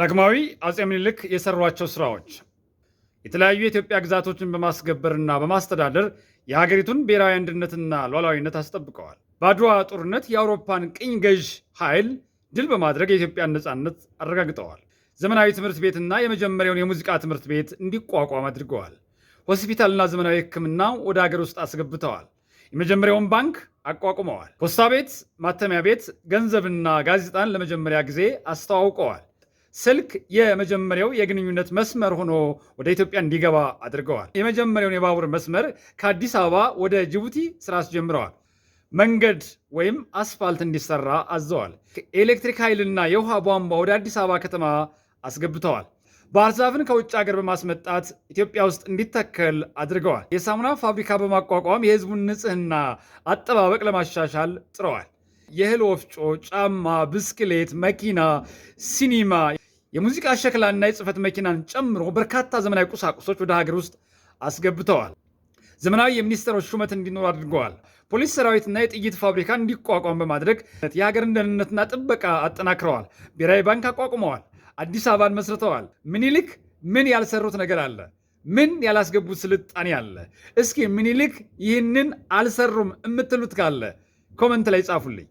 ዳግማዊ አጼ ምኒልክ የሰሯቸው ስራዎች የተለያዩ የኢትዮጵያ ግዛቶችን በማስገበርና በማስተዳደር የሀገሪቱን ብሔራዊ አንድነትና ሉዓላዊነት አስጠብቀዋል። በአድዋ ጦርነት የአውሮፓን ቅኝ ገዥ ኃይል ድል በማድረግ የኢትዮጵያን ነፃነት አረጋግጠዋል። ዘመናዊ ትምህርት ቤትና የመጀመሪያውን የሙዚቃ ትምህርት ቤት እንዲቋቋም አድርገዋል። ሆስፒታልና ዘመናዊ ሕክምና ወደ ሀገር ውስጥ አስገብተዋል። የመጀመሪያውን ባንክ አቋቁመዋል። ፖስታ ቤት፣ ማተሚያ ቤት፣ ገንዘብና ጋዜጣን ለመጀመሪያ ጊዜ አስተዋውቀዋል። ስልክ የመጀመሪያው የግንኙነት መስመር ሆኖ ወደ ኢትዮጵያ እንዲገባ አድርገዋል። የመጀመሪያውን የባቡር መስመር ከአዲስ አበባ ወደ ጅቡቲ ስራ አስጀምረዋል። መንገድ ወይም አስፋልት እንዲሰራ አዘዋል። ኤሌክትሪክ ኃይልና የውሃ ቧንቧ ወደ አዲስ አበባ ከተማ አስገብተዋል። ባህርዛፍን ከውጭ ሀገር በማስመጣት ኢትዮጵያ ውስጥ እንዲተከል አድርገዋል። የሳሙና ፋብሪካ በማቋቋም የህዝቡን ንጽህና አጠባበቅ ለማሻሻል ጥረዋል። የእህል ወፍጮ፣ ጫማ፣ ብስክሌት፣ መኪና፣ ሲኒማ የሙዚቃ ሸክላና የጽህፈት መኪናን ጨምሮ በርካታ ዘመናዊ ቁሳቁሶች ወደ ሀገር ውስጥ አስገብተዋል። ዘመናዊ የሚኒስትሮች ሹመት እንዲኖር አድርገዋል። ፖሊስ ሰራዊትና የጥይት ፋብሪካ እንዲቋቋም በማድረግ የሀገርን ደህንነትና ጥበቃ አጠናክረዋል። ብሔራዊ ባንክ አቋቁመዋል። አዲስ አበባን መስርተዋል። ምኒልክ ምን ያልሰሩት ነገር አለ? ምን ያላስገቡት ስልጣኔ አለ? እስኪ ምኒልክ ይህንን አልሰሩም የምትሉት ካለ ኮመንት ላይ ጻፉልኝ።